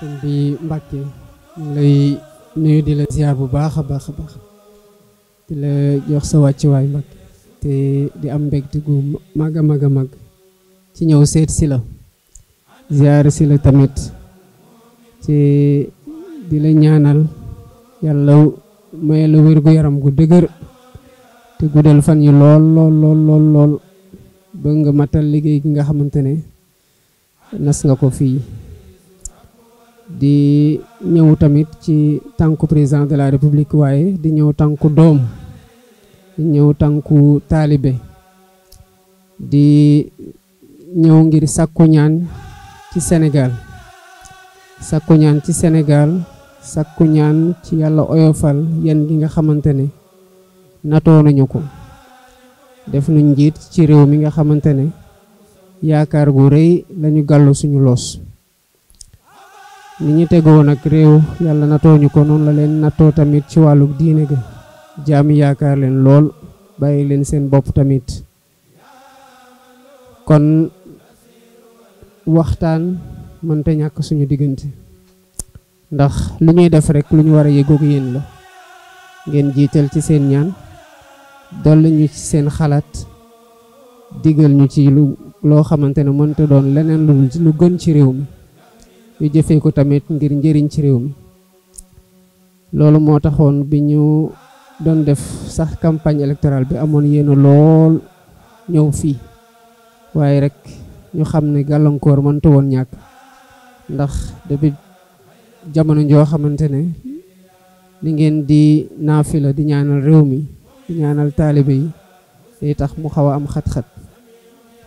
sëñ bi lay nuyu di bu baax a baax a baax jox sa wàccuwaay te di am mbégte gu mag ci ñëw seet si la ziar la tamit te la ñaanal yàlla may la wérgu yaram gu dëgër te guddal fan yi lool lool lool lool lool ba nga matal liggéey gi nga xamante ne nas nga ko fii di ñëw tamit ci tànku président de la république waaye di ñëw tànku doom di ñëw tànku taalibe di ñëw ngir sàkku ñaan ci senegal sàkku ñaan ci Sénégal sàkku ñaan ci yàlla oyofal yan gi nga xamante ne natoo nañu ko def nu njiit ci réew mi nga xamante ne yaakaar gu rëy lañu gàllu suñu loos ni ñu tegoon nag réew yàlla natoo ñu ko noonu la leen nattoo tamit ci wàllu diine ga jaam yaakaar leen lool bàyyi leen seen bopp tamit kon waxtaan mënta ñàkk suñu diggante ndax lu ñuy def rek lu ñu war a yëgoog yéen la ngeen jiital ci seen ñaan dolli ñu seen xalaat digal ñu ci loo xamante ne mënta doon leneen lu lu gën ci réew mi ñu jëfee ko tamit ngir njëriñ ci réew mi loolu moo taxoon bi ñu doon def sax campagne électorale bi amoon yéena lool ñëw fii waaye rek ñu xam ne gàllankoor mënta woon ñàkk ndax depuis jamono joo xamante ne li ngeen di naafila di ñaanal réew mi di ñaanal taalibe yi day tax mu xaw a am xat-xat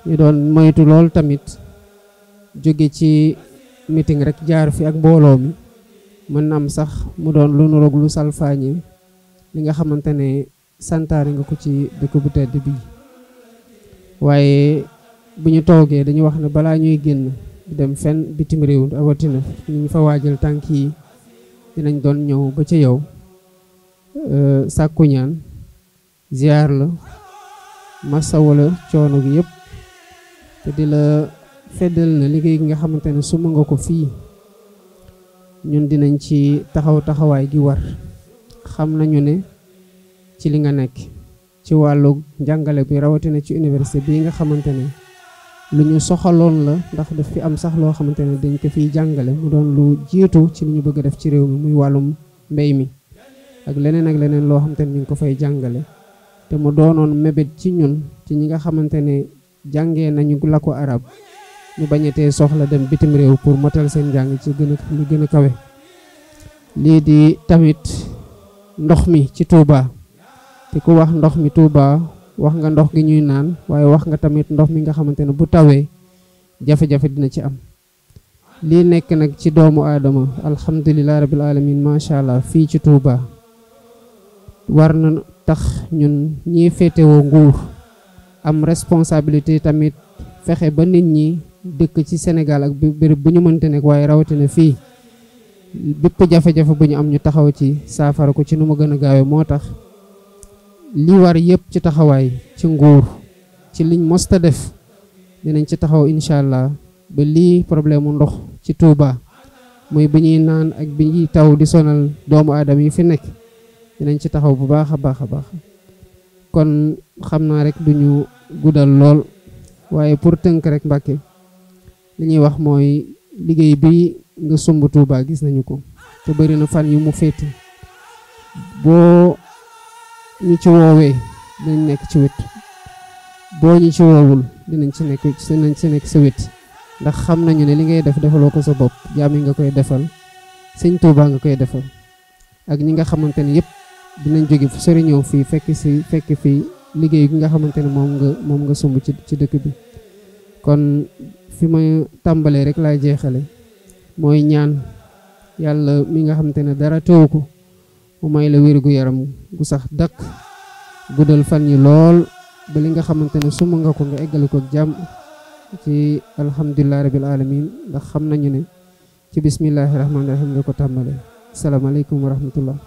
ñu doon moytu lool tamit jóge ci meeting rek jaar fi ak mbooloo mi mën na am sax mu doon lu nuroog lu salfaañe li nga xamante ne santaare nga ko ci dëkk bu tedd bi waaye bu ñu toogee dañu wax ne balaa ñuy génn dem fenn bitim réew awatina ñu ñu fa waajal tànk yi dinañ doon ñëw ba ci yow sàkku ñaan la massa wala coono gi yëpp te di la feddal na liggéey gi nga xamante ne suma nga ko fii ñun dinañ ci taxaw taxawaay gi war xam nañu ni ci li nga nekk ci wàllu jàngale bi rawatina ci université bii nga xamante ne lu ñu soxaloon la ndax daf fi am sax loo xamante ne dañ ko fiy jàngale mu doon lu jiitu ci lu ñu bëgg a def ci réew mi muy wàllum mbéy mi ak leneen ak leneen loo xamante ne ñu ngi ko fay jàngale te mu doonoon mébét ci ñun ci ñi nga xamante ne jàngee nañu la ko arab ñu bañatee soxla dem bitim réew pour motal seen njàng ci gën a lu kawe lii di tamit ndox mi ci Touba te ku wax ndox mi Touba wax nga ndox gi ñuy naan waaye wax nga tamit ndox mi nga xamante ne bu tawee jafe-jafe dina ci am lii nekk nag ci doomu aadama alhamdulilah rabil alamin macha allah fii ci Touba war na tax ñun ñii féetewoo nguur am responsabilité tamit fexe ba nit ñi dëkk ci Sénégal ak béréb bu ñu mënte nekk waaye rawatina fii bépp jafe-jafe bu ñu am ñu taxaw ci saafara ko ci nu ma gën a gaawee moo tax li war yëpp ci taxawaay ci nguur ci liñ mosta def dinañ ci taxaw incha allah ba lii problème mu ndox ci Touba mooy bi ñuy naan ak bi ñuy taw di sonal doomu aadama yi fi nekk dinañ ci taxaw bu baax a baax a baax kon xam naa rek ñu guddal lool waaye pour tënk rek Mbàkke li ñuy wax mooy liggéey bi nga sumb Touba gis nañu ko te bëri na fan yi mu féete boo ñu ci woowee dinañ nekk ci wet boo ñu ci woowul dinañ ci nekk dinañ ci nekk sa wet ndax xam nañu ne li ngay def defaloo ko sa bopp jaam yi nga koy defal sëñ Touba nga koy defal ak ñi nga xamante ne yëpp dinañ jóge fu sori ñëw fii fekk si fekk fii liggéey bi nga xamante ne moom nga moom nga sumb ci ci dëkk bi kon fi ma tàmbalee rek laay jeexale mooy ñaan yàlla mi nga xam ne dara teew ko mu may la wér yaram gu sax dakk guddal fan yi lool ba li nga xamante ne suma nga ko nga eggale ko jàmm ci alhamdulilah rabil alamin ndax xam nañu ne ci bismillahi rahmaani rahim nga ko tàmbalee salaamaaleykum wa rahmatullah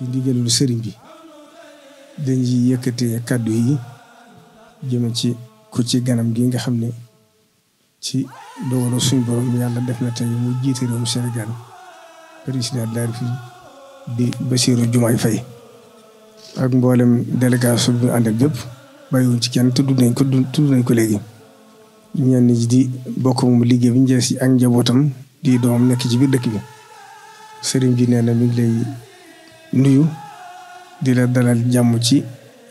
ci ndigalul sëriñ bi dañ ci yëkkatee kàddu yi jëme ci ku ci ganam gi nga xam ne ci dogalu suñu borom yàlla def na tey mu jiite réewum Sénégal président de la République di Bassirou Diomaye ak mboolem délégation bi ñu àndal bépp bàyyiwuñ ci kenn tudd nañ ko tudd nañ léegi. ñenn ñi di bokk moom liggéey bi njëriñ si ak njabootam di doomam nekk ci biir dëkk bi sëriñ bi nee na lay. nuyu di la dalal jàmm ci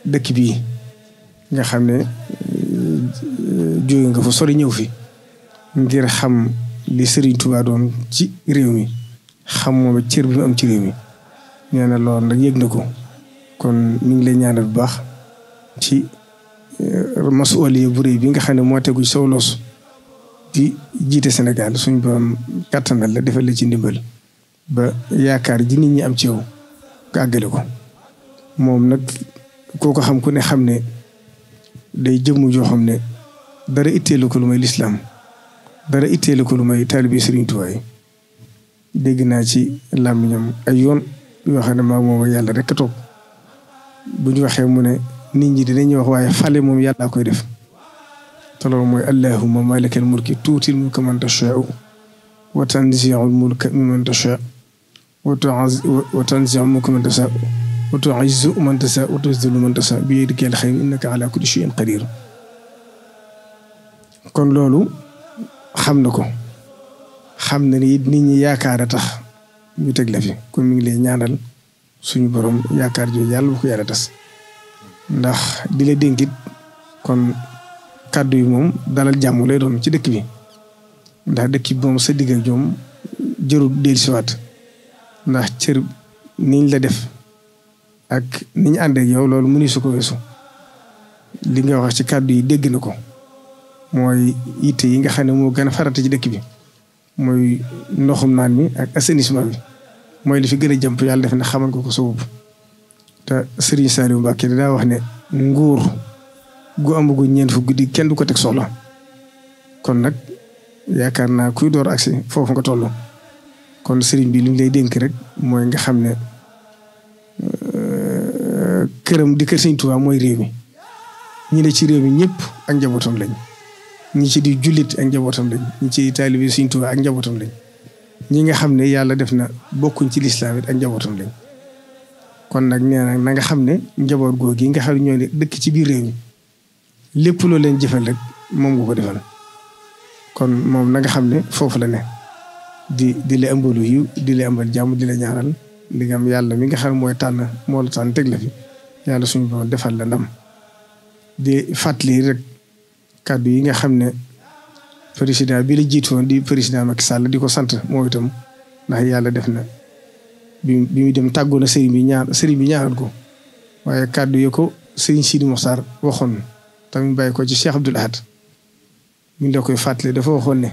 dëkk bii nga xam ne euh, jóge nga fa sori ñëw fi ngir xam li Serigne Touba doon ci réew mi xam moom cër bi mu am ci réew mi nee na loolu nag yëg na ko kon ñu ngi lay ñaanal bu baax ci euh, masuwaliya bu réy bi nga xam ne moo tegu ci saw loos di jiite Sénégal suñ borom kàttanal la defal la ci ndimbal ba yaakaar ji nit ñi am ci yow nga àggale ko moom nag koo xam ku ne xam ne day jëmm joo xam ne dara itteelu ko lu may lislaam dara itteelu ko lu may taalibi Sëriñ Tuubaa dégg naa ci làmmiñam ay yoon yoo xam ne maa moom yàlla rek a toog bu ñu waxee mu ne nit ñi dinañu wax waaye fale moom yàlla koy def te loolu mooy allahumma malikal mulki tuutil mulka man tashaa'u wa tanzi'ul mulka mimman tashaa'u wa tanzi'u mulka man tashaa wa tu'izzu man tashaa wa tuzillu man tashaa bi yadikal xayr innaka ala kulli shay'in qadiir kon loolu xam na ko xam na ni nit ñi yaakaar a tax ñu teg la fi kon mu ngi lay ñaanal suñu borom yaakaar jooju yàlla bu ko yàlla tas ndax di la dénkit kon kàddu yi moom dalal jàmm lay doon ci dëkk bi ndax dëkk bi moom sa digg ak ñoom jërul dellusiwaat ndax cër niñ la def ak niñ ànd yow loolu mënu su ko weesu li nga wax ci kàddu yi dégg na ko mooy yitte yi nga xam ne moo gën a farata ci dëkk bi mooy ndoxum naan mi ak assainissement bi mooy li fi gën a jëmp yàlla def na xamal ko ko sa bopp te Serigne Saliou Mbacké daa wax ne nguur gu amagu ñeent fu guddi kenn du ko teg soxla kon nag yaakaar naa kuy door agsi foofu nga toll kon sëriñ bii lu ñu lay dénk rek mooy nga xam ne euh, këram di kër sëriñ Tuubaa mooy réew mi ñi ne ci réew mi ñëpp ak njabootam lañ ñi ci di jullit ak lañ ñi ci taalibe sëriñ ak njabootam lañ ñi nga xam ne yàlla def na bokkuñ ci lislaam it ak njabootam lañ kon nag nee na na nga xam ne njaboot googu gi nga xam ñoo ne dëkk ci biir réew mi lépp loo leen jëfal rek moom nga ko defal kon moom na nga xam ne foofu la ne. di di la ëmbal yiw di la ëmbal jàmm di la ñaanal ndigam yàlla mi nga xam ne mooy tànn moo la tànn teg la fi yàlla suñu borom defal la ndam di fàttali rek kàddu yi nga xam ne président bi la jiitoon di président Macky sàll di ko sant moo itam ndax yàlla def na bi mu muy dem tàggoon na sëriñ bi ñaan sëriñ bi ñaar ko waaye kàddu yi ko sëriñ Sidi Moxtaar waxoon tamit bàyyi ko ci Cheikh Abdoul Ahad mi la koy fàttali dafa waxoon ne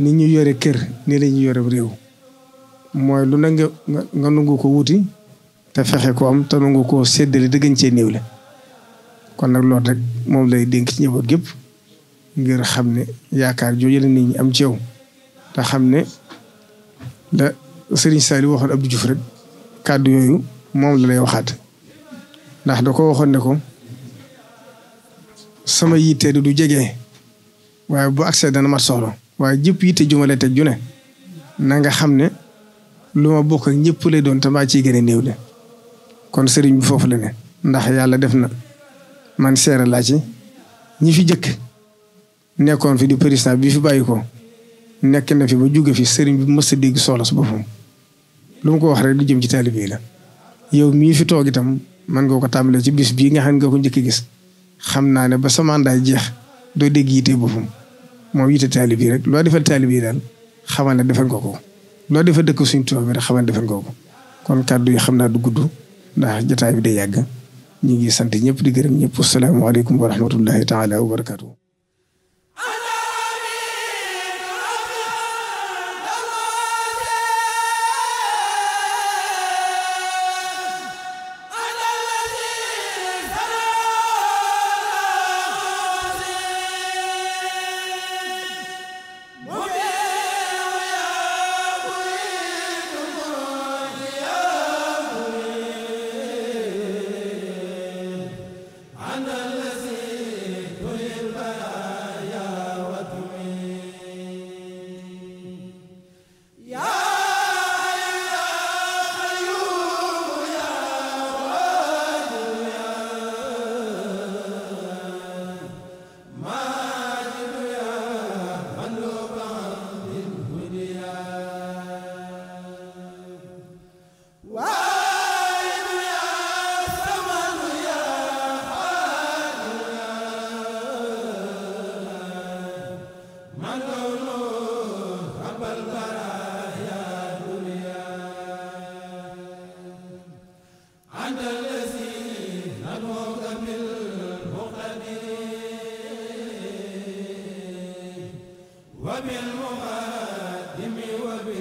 nit ñu yore kër ni la ñu yore réew mooy lu na nga nga nungu ko wuti te fexe ko am te nungu ko séddale dëggañ cee néew la kon nag loolu rek moom lay dénk ci njaboot gépp ngir xam ne yaakaar jooju la nit ñi am ci yow te xam ne la Serigne Saliou waxoon du Diouf rek kàddu yooyu moom la lay waxaat ndax da ko waxoon ne ko sama yittee du jege waaye bu accès dana mat soxla waaye jëpp yitte jumale te ju ne na nga xam ne lu ma bokk ak lay doon te ci ciy gën a néew de kon sëriñ bi foofu la ne ndax yàlla def na man seere laa ci ñi fi jëkk nekkoon fi di président bi fi bàyyi ko nekk na fi ba jóge fi sëriñ bi mës a dégg soxla su boppam lu mu ko wax rek lu jëm ci taalibe la yow mii fi toog itam man nga ko tàmbalee ci bis bii nga xam nga ko njëkk gis xam naa ne ba sa jeex doo dégg yitee boppam moom yite taalib yi rek loo defal taalib yi daal xamal ne defal nga ko loo defal dëkk suñ tubaab bi rek xamal ne defal nga ko kon kàddu yi xam naa du gudd ndax jotaay bi day yàgg ñu ngi sant ñëpp di gërëm ñëpp asalaamaaleykum wa rahmatullahi taala wa barakaatu.